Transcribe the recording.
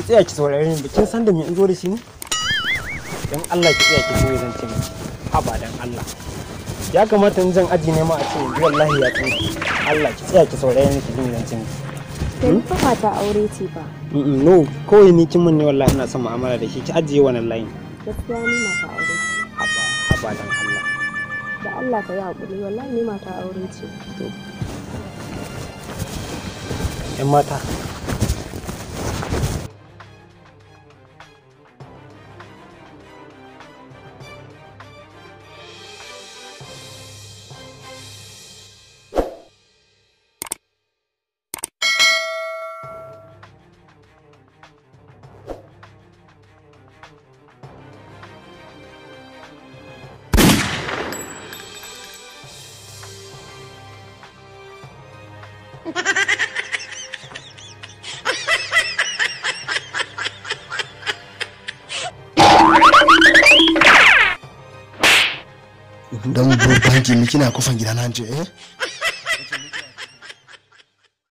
ki tsaya ki saurare ni kin san da me in zo da shi ne dan Allah ki tsaya ki so zan ce miki haba dan Allah ya kamata in zan aji ne ma a ce wallahi ya tsaya Allah ki tsaya ki saurare ni ki zan ce miki Yanzu ba hmm? ta aure ce ba. No, kawai ni kin mun ne wallahi ina son mu'amala da shi ki ajiye wannan layin. Gaskiya ni fa aure ce. Haba, haba dan Allah. Da Allah ka yi hakuri wallahi ni ma ta aure ce. To. Yan mata, don banki miki na kofan gida na je eh